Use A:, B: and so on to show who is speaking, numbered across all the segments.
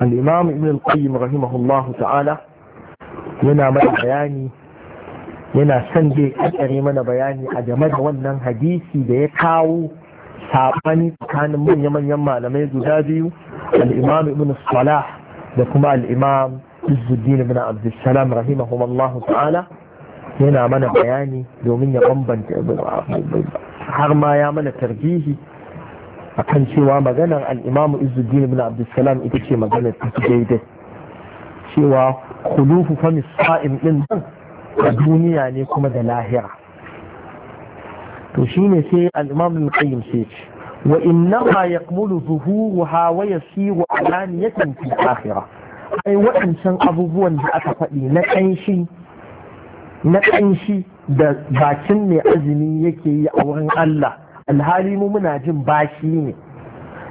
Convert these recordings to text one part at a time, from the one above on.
A: al'imam ibn al-qayyim rahimahullahu ta'ala yana mana bayani yana son mana bayani a game da wannan hadisi da ya kawo saɓani tsakanin manya-manyan malamai guda biyu al'imam ibn salah da kuma al'imam izuddin ibn abdussalam rahimahullahu ta'ala yana mana bayani domin ya bambanta har ma ya mana tarbihi A kan cewa maganar al'imamu izuddin ibn abdulsalam ita ce maganar ta daidai cewa kulufu famis sa’in ɗin nan a duniya ne kuma da lahira to shine sai al’imamu imam sai ce wa ya kumulu zuhu wa yasiru alaniyatan fi lahira ai waɗancan abubuwan da aka faɗi na ƙanshi na ƙanshi da bakin mai azumi yake yi a wurin Allah alhali mu muna jin bashi ne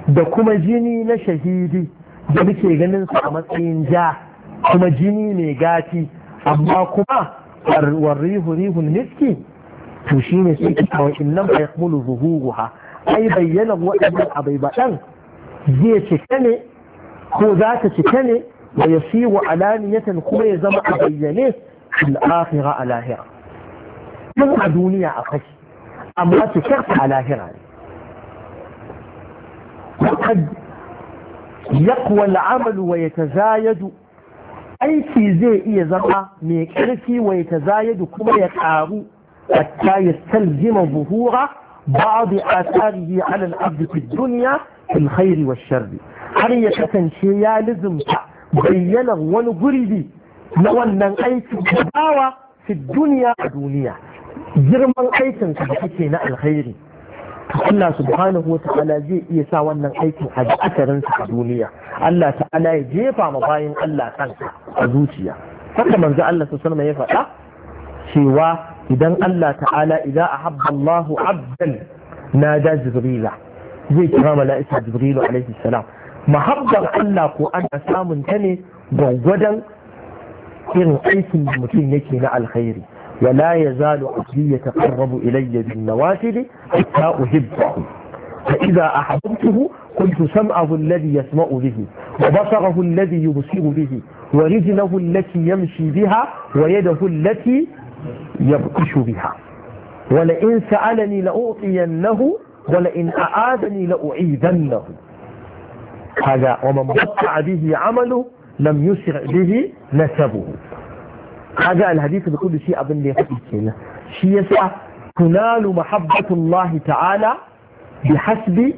A: da kuma jini na shahidi da muke ganin su a matsayin ja kuma jini mai gati amma kuma warrihu rihun miski to shi ne sai a wa'innan fa yakmulu zuhuruha ai bayyana waɗannan abai baɗan zai cika ne ko za ta cika ne wa alaniyatan kuma ya zama a bayyane fil a lahira mun a duniya akwai أمرت شرط على هران وقد يقوى العمل ويتزايد أي شيء زي إيه زرع ميكرفي ويتزايد كما يقعر حتى يستلزم ظهور بعض آثاره على العبد في الدنيا في الخير والشر حرية تنشيا لزم بيّن ونقرد لو أن أي في الدنيا دونية girman aikinsa da kake na alkhairi Allah subhanahu wa ta'ala zai iya sa wannan aikin a akarin a duniya Allah ta'ala ya jefa ma bayan Allah kansa a zuciya haka manzo Allah sallallahu ya faɗa cewa idan Allah ta'ala idan ahabba Allahu 'abdan nada jibrila zai kira mala'ika jibrilu alaihi salam mahabbar Allah ko ana samun ta ne gwagwadon irin aikin da mutum yake na alkhairi ولا يزال عقلي يتقرب إلي بالنوافل حتى أحبه فإذا أحببته قلت سمعه الذي يسمع به وبصره الذي يبصر به ورجله التي يمشي بها ويده التي يبطش بها ولئن سألني لأعطينه ولئن أعادني لأعيدنه هذا ومن بطع به عمله لم يسرع به نسبه kaga alhadisi da kudu shi abin da ya faɗi kenan shi yasa tunalu mahabbatullahi ta'ala bi hasbi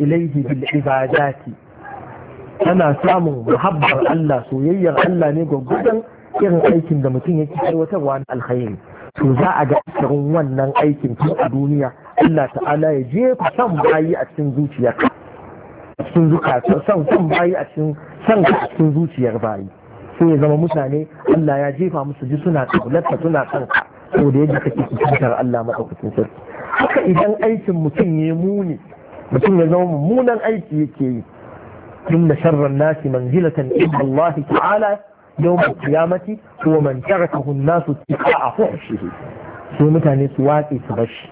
A: ilayhi bil ibadati ana samun muhabbar Allah soyayyar Allah ne gwagwadon irin aikin da mutum yake aiwatarwa na alkhairi to za a ga asirin wannan aikin tun a duniya Allah ta'ala ya jefa son bayi a cikin zuciyarka cikin zuka san bayi a cikin san cikin zuciyar bayi ko ya zama mutane Allah ya jefa musu ji suna kaularka suna son ko da yadda kake kusantar Allah madaukakin sarki haka idan aikin mutum ya muni mutum ya zama mummunan aiki yake yi inna sharran nasi manzilatan inda Allah ta'ala yawmal qiyamati huwa man tarakahu an-nasu a fuhshihi sai mutane su watsi su bashi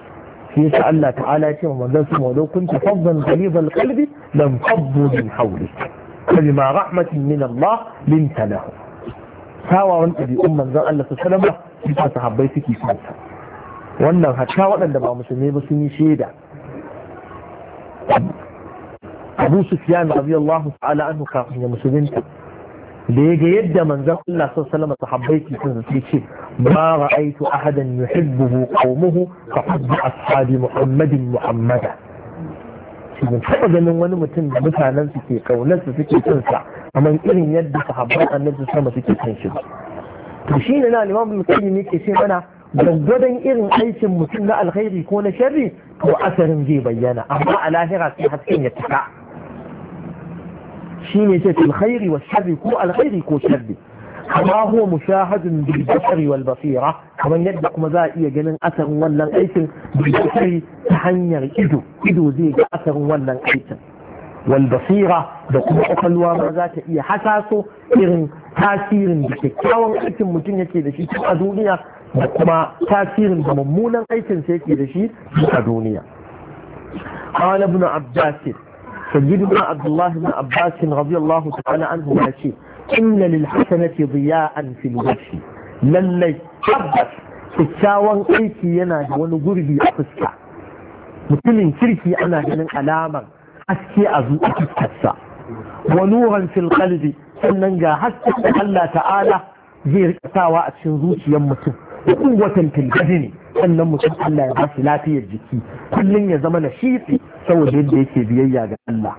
A: shi yasa Allah ta'ala ya ce wa manzon su mawlau kunta faddan ghalibal qalbi lam faddu min hawlik فبما رحمة min Allah لنت لهم kyawawan ɗabi'un manzon Allah su salama bisa sahabbai suke kanta wannan hatta waɗanda ba musulmi ba sun yi shaida abu sufyan radiyallahu ta'ala anhu kafin ya musulminta. da ya ga yadda manzan Allah su salama sahabbai su sun su ce ba ra'aitu ahadan yuhibbuhu ka fa a ashabi muhammadin muhammada ban taɓa ganin wani mutum da mutanen su ke kaunar su suke son sa amma irin yadda sahabban annabi sama suke son shi to shi ne na limamu mutane ne ke ce mana gwaggwadon irin aikin mutum na alkhairi ko na sharri to asarin zai bayyana amma a lahira sai hasken ya cika. shi ne ce alkhairi wa sharri ko alkhairi ko sharri kama huwa mushahadun bil basari wal basira kamar yadda kuma za a iya ganin asarin wannan aikin bil basari ta hanyar ido ido zai ga asarin wannan aikin wal basira da kuma kwakwalwa ma za ta iya hasaso irin tasirin da kyakkyawan aikin mutum yake da shi a duniya da kuma tasirin da mummunan aikin sa yake da shi a duniya قال ابن عباس سيدنا عبد الله بن عباس رضي الله تعالى عنه ما inna lil hasanati diya'an fil wajhi lallai tabbas kyakkyawan aiki yana da wani gurbi a fuska mutumin kirki ana ganin alamar haske a zuciyarsa wa nuran fil qalbi sannan ga hasken da Allah ta'ala zai rikatawa a cikin zuciyar mutum kuwatan fil badani sannan mutum Allah ya ba shi lafiyar jiki kullum ya zama nashifi saboda yadda yake biyayya ga Allah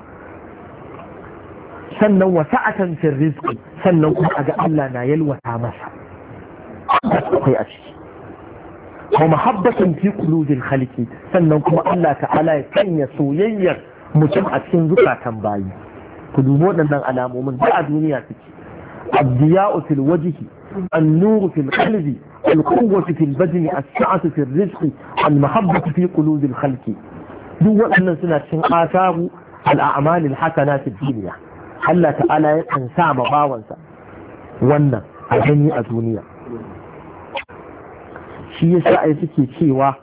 A: sannan wa sa'atan fil rizqi sannan kuma a ga Allah na yalwata masa akwai a ciki wa mahabbatan fi qulubil khaliqi sannan kuma Allah ta'ala ya sanya soyayyar mutum a cikin zukatan bayi ku dubo waɗannan alamomin da a duniya suke abdiya'u fil wajhi النور في القلب القوة في البدن السعة في الرزق المحبة في قلوب الخلق دو أن سنة آثار الأعمال الحسنات الدنيا Allah ta'ala ya kan sa ma bawansa wannan a gani a duniya shi yasa ai suke cewa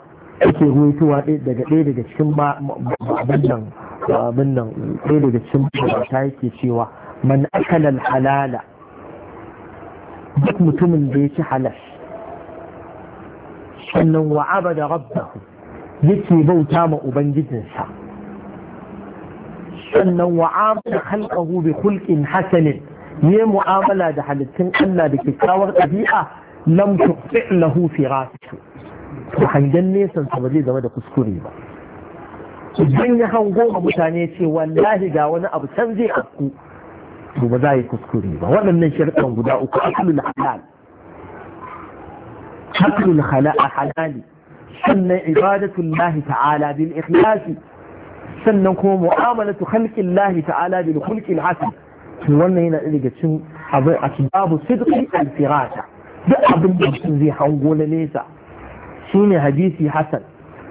A: ake ruwaitowa daga ɗaya daga cikin abin nan abin nan ɗaya daga cikin ta yake cewa man akala halala duk mutumin da ya ci halar. sannan wa'aba da rabbahu yake bauta ma ubangijinsa سنة وعامل خلقه بخلق حسن هي معاملة ده حلتين ألا بكتاوة أبيئة لم تقطع له في راسه وحنجل ليسا سبجي ده مدى كسكوري با الجنة هنقوم والله جاونا أبو تنزي أكو بمزاي كسكوري وانا من ننشر كم بداؤك أكل الحلال أكل الخلاء حلالي سنة عبادة الله تعالى بالإخلاص sannan kuma mu'amalatu khalqillahi ta'ala bil khulqil hasan to wannan yana daga cikin abin asbabu sidqi al firata duk abin da mutum zai hango na nesa shine hadisi hasan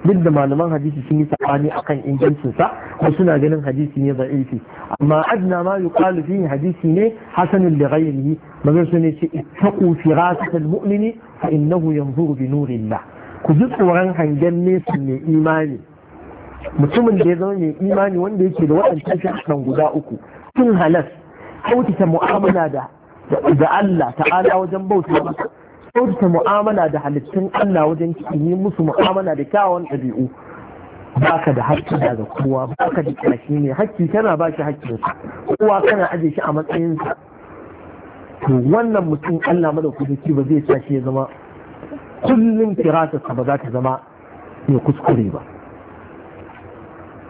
A: duk da malaman hadisi sun yi sabani akan ingancin sa ko suna ganin hadisi ne da'ifi amma adna ma yuqalu fihi hadisi ne da li ghayrihi su sun ce ittaqu firasatal mu'mini fa innahu yanzuru bi nurillah ku ji tsoron hangen nesa mai imani mutumin da ya zama mai imani wanda yake da waɗancan shaɗan guda uku sun halas kyautata mu'amala da da Allah ta'ala wajen bauta masa kyautata mu'amala da halittun Allah wajen yi musu mu'amala da kyawawan ɗabi'u baka da haƙƙi daga kowa baka da ƙashi ne haƙƙi kana ba shi haƙƙinsa kowa kana aje shi a matsayinsa to wannan mutum Allah madaukaki ba zai sa shi ya zama kullum firasa ba za ta zama mai kuskure ba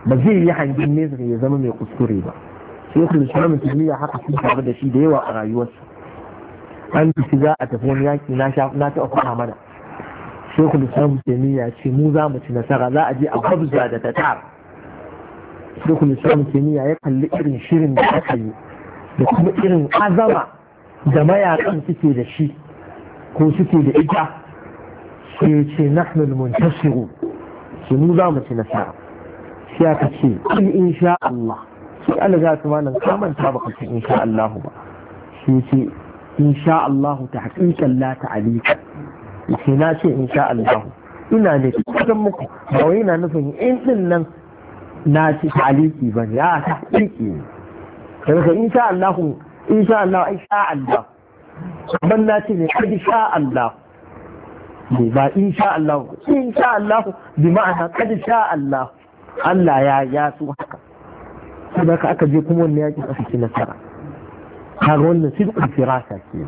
A: ba zai yi hangin nesa ya zama mai kuskure ba sai ku lissu na mutum ya haka sun taru da shi da yawa a rayuwarsa an fi za a tafi wani yaki na ta faɗa mana sai ku lissu na mutum ya ce mu za mu ci nasara za a je a kwabza da tatar sai ku lissu na mutum ya kalli irin shirin da aka yi da kuma irin azama da mayakan suke da shi ko suke da ita sai ce nahnul muntasiru Sai mu za mu ci nasara sai aka ce in sha Allah sai Allah za su malam ka manta baka in sha Allah ba sai ce sha Allah ta hakikan la ta alika sai na ce in sha Allah ina ne kusan muku ba wai na nufin in din nan na ci taliki ba ne a taliki ne daga insha Allah sha Allah ai sha Allah ban na ce ne kadi sha Allah ne ba insha Allah sha Allah bi ma'ana kadi sha Allah Allah ya ya su haka sai da aka je kuma wannan yakin aka ci nasara har wannan sidqul firasa ke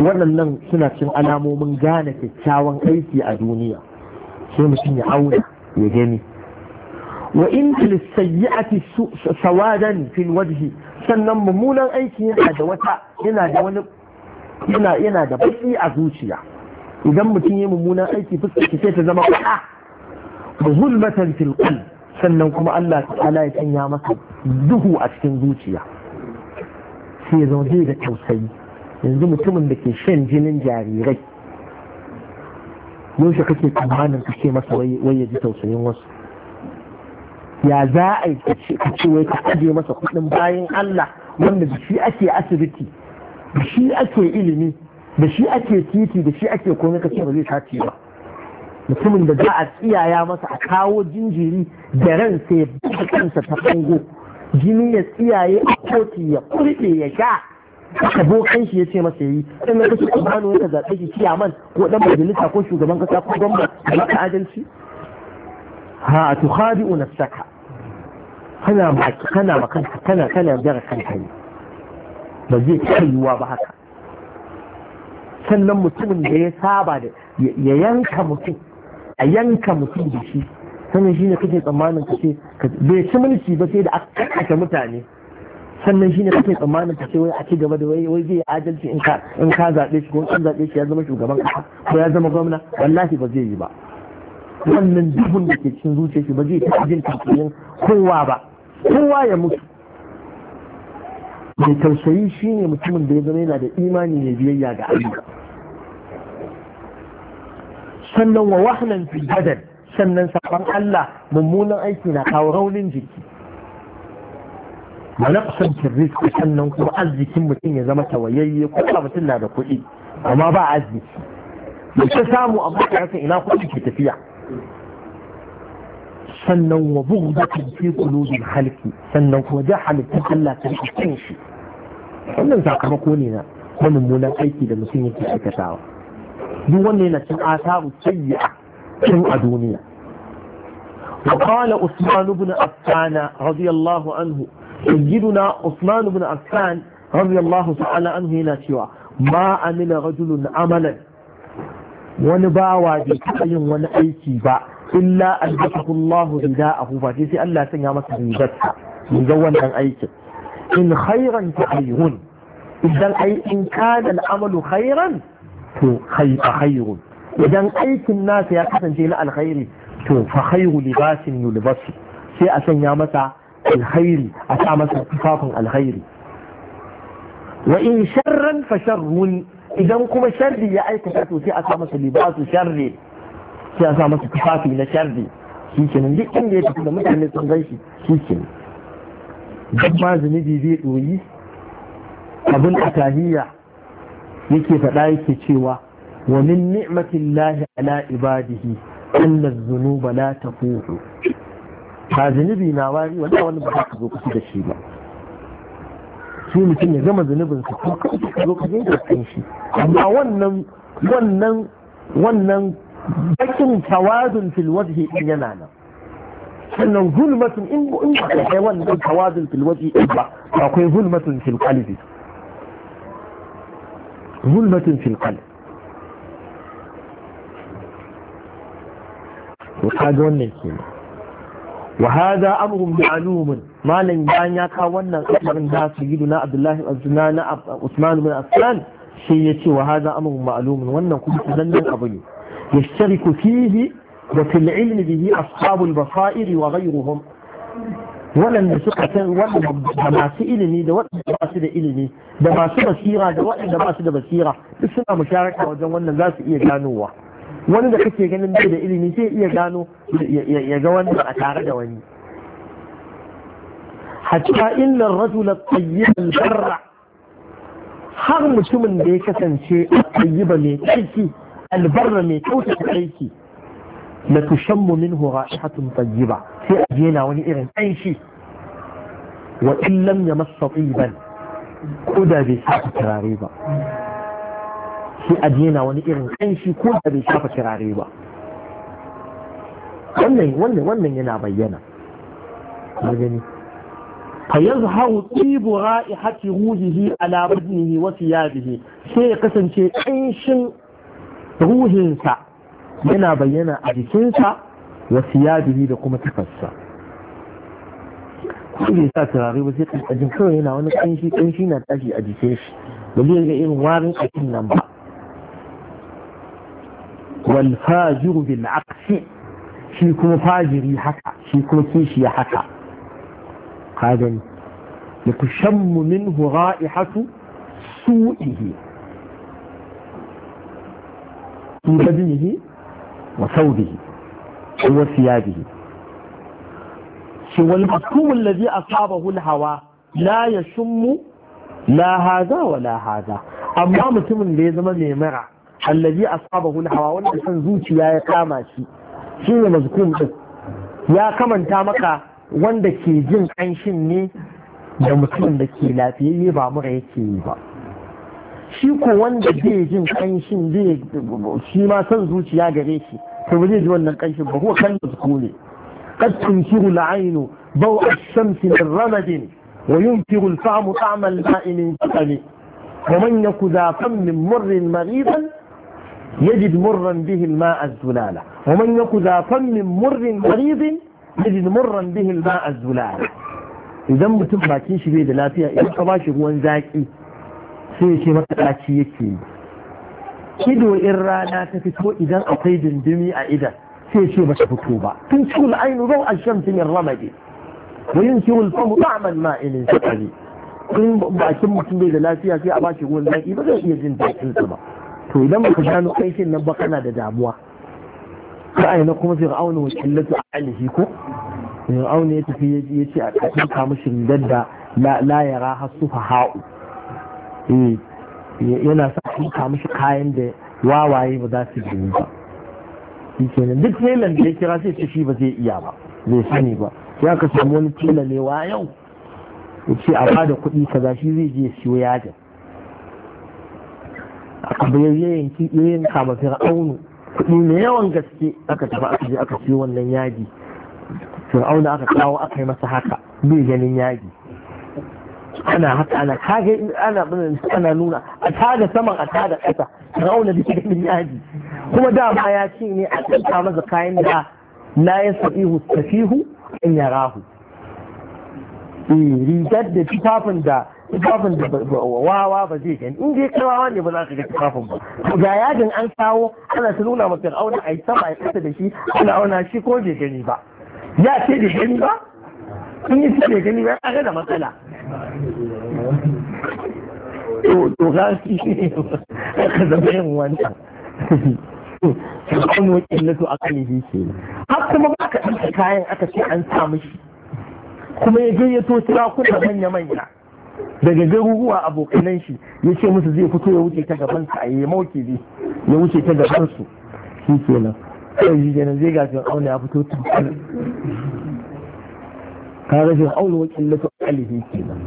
A: waɗannan suna cin alamomin gane kyakkyawan aiki a duniya sai mutum ya auna ya gani wa in lisayyi'ati sawadan fil wajhi sannan mummunan aiki yana da wata yana da wani yana yana da baki a zuciya idan mutum ya mummunan aiki fuskar sai ta zama kwa'a da zulmatan fil sannan kuma Allah ta'ala ya sanya masa duhu a cikin zuciya sai ya zama da tausayi yanzu mutumin da ke shan jinin jarirai yaushe kake tsammanin ka ce masa wai ya ji tausayin wasu ya za a yi ka ce wai ka aje masa kuɗin bayan Allah wanda da shi ake asibiti da shi ake ilimi da shi ake titi da shi ake komai ka ce ba zai tace ba mutumin da za a tsiyaya masa a kawo jinjiri da ran sai ya kansa ta bango jini ya tsiyaye a koti ya kurɗe ya sha aka kan shi ya ce masa yi in na kashi kubano ya zaɓe shi ciyaman ko ɗan majalisa ko shugaban kasa ko gwamna da maka adalci ha a tukhadi'u nafsaka kana maki kana makanka kana kana jira kanka ne ba zai kaiwa ba haka sannan mutumin da ya saba da ya yanka mutum a yanka mutum da shi sannan shi ne kake tsammanin ka ce bai ci mulki ba sai da aka kashe mutane sannan shi ne kake tsammanin ka ce wai a ci gaba da wai zai adalci in ka in ka zaɓe shi ko in zaɓe shi ya zama shugaban ƙasa ko ya zama gwamna wallahi ba zai yi ba wannan duhun da ke cikin zuciya shi ba zai ta jin tafiyin kowa ba kowa ya mutu mai tausayi shi ne mutumin da ya zama yana da imani mai biyayya ga Allah sannan wa wahnan fil badal sannan sabon Allah mummunan aiki na kawo raunin jiki wa naqsan fil sannan kuma arzikin mutum ya zama tawayayye ko ba mutum na da kuɗi amma ba arziki yake samu amma da rasa ina kuɗi ke tafiya sannan wa bughdatin fi qulubil khalqi sannan kuma jahalatan Allah ta cikin shi wannan sakamako ne na mummunan aiki da mutum yake aikatawa duk wannan yana cin asaru sayyi'a cin a duniya وقال عثمان بن عفان رضي الله عنه سيدنا عثمان بن عفان رضي الله تعالى عنه هنا سوى ما عمل رجل عملا ونباوى بكأي ونأيكي با إلا ألبسه الله رداءه فجيسي ألا تنعمس ريبتها مزونا عن أيكي إن خيرا فخير إذا أي إن كان العمل خيرا to khayru idan aikin nasa ya kasance na alkhairi to fa khayru libasin yulbasu sai a sanya masa alkhairi a sa masa tufafin alkhairi wa in sharran fa sharrun idan kuma sharri ya aikata to sai a sa masa libasu sharri sai a sa masa tufafi na sharri shi kenan duk inda ya tafi da mutane sun gan shi shi kenan duk ma zunubi zai ɗoyi abin a tahiyya yake faɗa yake cewa wa min lahi ala ibadihi anna dhunuba la tafuhu ba zunubi na wari wanda wani ba ka zo kusa da shi ba shi mutum ya gama zunubin sa ko ka zo ka zo da kan shi amma wannan wannan wannan bakin tawadun fil wajhi din yana nan sannan zulmatun in in ba kai wannan tawadun fil wajhi din ba akwai zulmatun fil qalbi ظلمة في القلب وهذا النسيم وهذا أمر معلوم ما لن يعنيك ونا أكبر من ذات سيدنا عبد الله عزنا عثمان بن أسلان سيدي وهذا أمر معلوم ونا كنت لن أبي يشترك فيه وفي العلم به أصحاب البصائر وغيرهم waɗanda suka san waɗanda da masu ilimi da waɗanda ba su da ilimi da masu basira da waɗanda ba su da basira duk suna musharaka wajen wannan za su iya ganowa wani da kake ganin bai da ilimi sai iya gano ya ga wannan a tare da wani hatta illa rajula tayyib al-barra har mutumin da ya kasance tayyiba mai tsarki albarra mai kyautata aiki la tushammu minhu ra'ihatun tayyiba sai a jena wani irin ƙanshi wa in lam yamassa tiban ko da bai shafa turare ba sai a jena wani irin ƙanshi ko da bai shafa turare ba wannan wannan wannan yana bayyana ka gani fa yazharu tibu ra'ihati ruhihi ala badnihi wa thiyabihi sai ya kasance ƙanshin ruhinsa yana bayyana a jikinsa wa siyadihi da kuma tufarsa ko bai sa turare ba sai kankan kawai yana wani kanshi kanshi na tashi a jikin shi ba zai ga irin warin kakin nan ba wal fajiru bil aqsi shi kuma fajiri haka shi kuma kishi ya haka kagan min minhu ra'ihatu su'ihi in ka jinihi wa saubihi wa siyabihi shi wal maktum alladhi asabahu al hawa la yashum la hadha wa la amma mutumin da ya zama mai mara alladhi asabahu al hawa wanda san zuciya ya kama shi shine mazkum ya kamanta maka wanda ke jin ƙanshin ne da mutumin da ke lafiyayye ba mura yake yi ba shi ko wanda zai jin kanshin zai shi ma son zuciya gare shi to ba zai ji wannan kanshin ba ko kan da su ne قد تنكر العين ضوء الشمس من رمد وينكر الفعم طعم الماء من سقم ومن يك ذا فم مر مريضا يجد مرا به الماء الزلالة ومن يك ذا فم مر مريض يجد مرا به الماء الزلالة idan mutum bakin shi bai da lafiya idan ka bashi ruwan zaki sai ya ce yake yi ido in rana ta fito idan akwai dindimi a idan sai ce ba ta fito ba tun cikin ainu zan a shan yin ramadi wayin yin cikin famu ba'aman ma'ilin sakari kun bakin mutum bai da lafiya sai a bashi ruwan zaki ba zai iya jin daɗin ba to idan baka gano aikin nan ba kana da damuwa ka na kuma auna wa a alihi ko fir'auna ya tafi ya ce a cikin kamushin dadda la yara fa ha'u Eh, yana sa tuka mishi kayan da wawaye ba za su gani ba kenan duk telan da ya kira sai ce shi ba zai iya ba zai sani ba ya ka samu wani tela ne wa yau ya ce a bada kuɗi kaza shi zai je siyo yajin aka bayar ya yanki kama fir'aunu kuɗi mai yawan gaske aka tafi aka je aka siyo wannan yaji fir'auna aka kawo aka yi masa haka bai ganin yaji ana haka ana kage ana ana nuna a tada saman a tada ƙasa rauna da cikin yaji kuma dama ya ce ne a ta maza kayan da na ya sabihu tafihu in ya rahu eh, rigar da tufafin da tufafin da wawa ba zai gani in dai kawawa ne ba za ka ga tufafin ba ga yajin an kawo ana ta nuna masa auna a yi sama a ƙasa da shi ana auna shi ko bai gani ba ya ce bai gani ba in yi ce bai gani ba ya ga da matsala to ka shi ne ka zama a har kuma kayan aka ce an samu shi kuma ya gayyato ya to manya-manya daga garuruwa abokanan shi ya ce musu zai fito ya wuce ta gaban sa a yi mawkili ya wuce ta gaban su shi kenan sai shi zai gafin auna ya fito tun ka rashin aulu wa killatu alihi kenan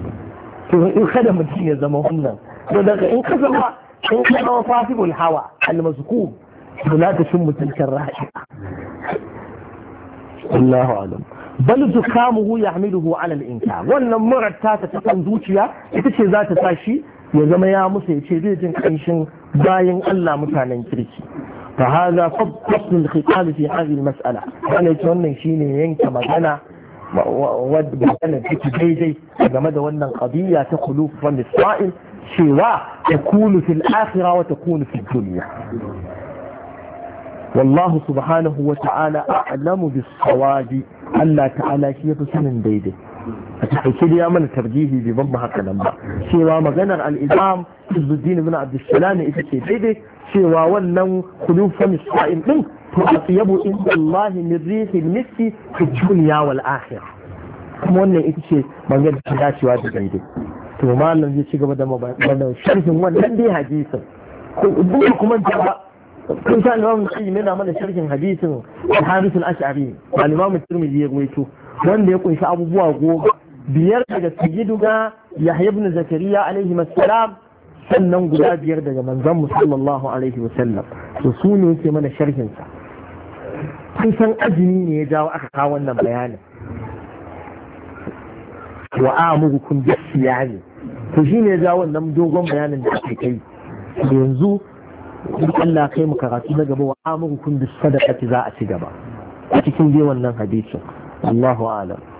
A: to in kada mutum ya zama wannan to daga in ka zama in ka zama fasibul hawa almazkur to la ta shin mutuncin rahi'a Allahu alam bal zukamuhu yahmiluhu ala al-inkar wannan murar ta ta kan zuciya ita ce za ta sa shi ya zama ya musa ya ce zai jin kanshin bayan Allah mutanen kirki fa hadha fadl al-khitab fi hadhihi al-mas'ala wannan shine magana wadda maganar take daidai game da wannan kabiya ta kulu, wa misra'il cewa ta kunu fil akhira wa ta kunu fil wallahu subhanahu wa ta'ala a'lamu bis sawabi Allah ta'ala shi yafi sanin daidai a cikin mana tarjihi bi ban haka nan ba cewa maganar al-imam Izuddin ita ce daidai cewa wannan kulu, wa misra'il ɗin. to atyabu inda Allahi min rihil miski fi dunya wal akhirah kuma wannan ita ce bangar da dacewa da daidai to malam zai ci gaba da magana sharhin wannan dai hadisin duk kuma jaba kun sa imamu qayyim yana mana sharhin hadisin al-harith al-ash'ari al imamu tirmidhi ya gwaito wanda ya kunshi abubuwa goma biyar daga sayyiduga yahya ibn zakariya alaihi assalam sannan guda biyar daga manzon mu sallallahu alaihi wasallam to su ne yake mana sharhin sa kun san azumi ne ya jawo aka kawo wannan bayanin wa siya ne to ne ya jawo wannan dogon bayanin da ake kai yanzu in Allah kai mu karatu na gaba wa amurukum da sadaqati za a ci gaba a cikin dai wannan hadisin Allahu a'lam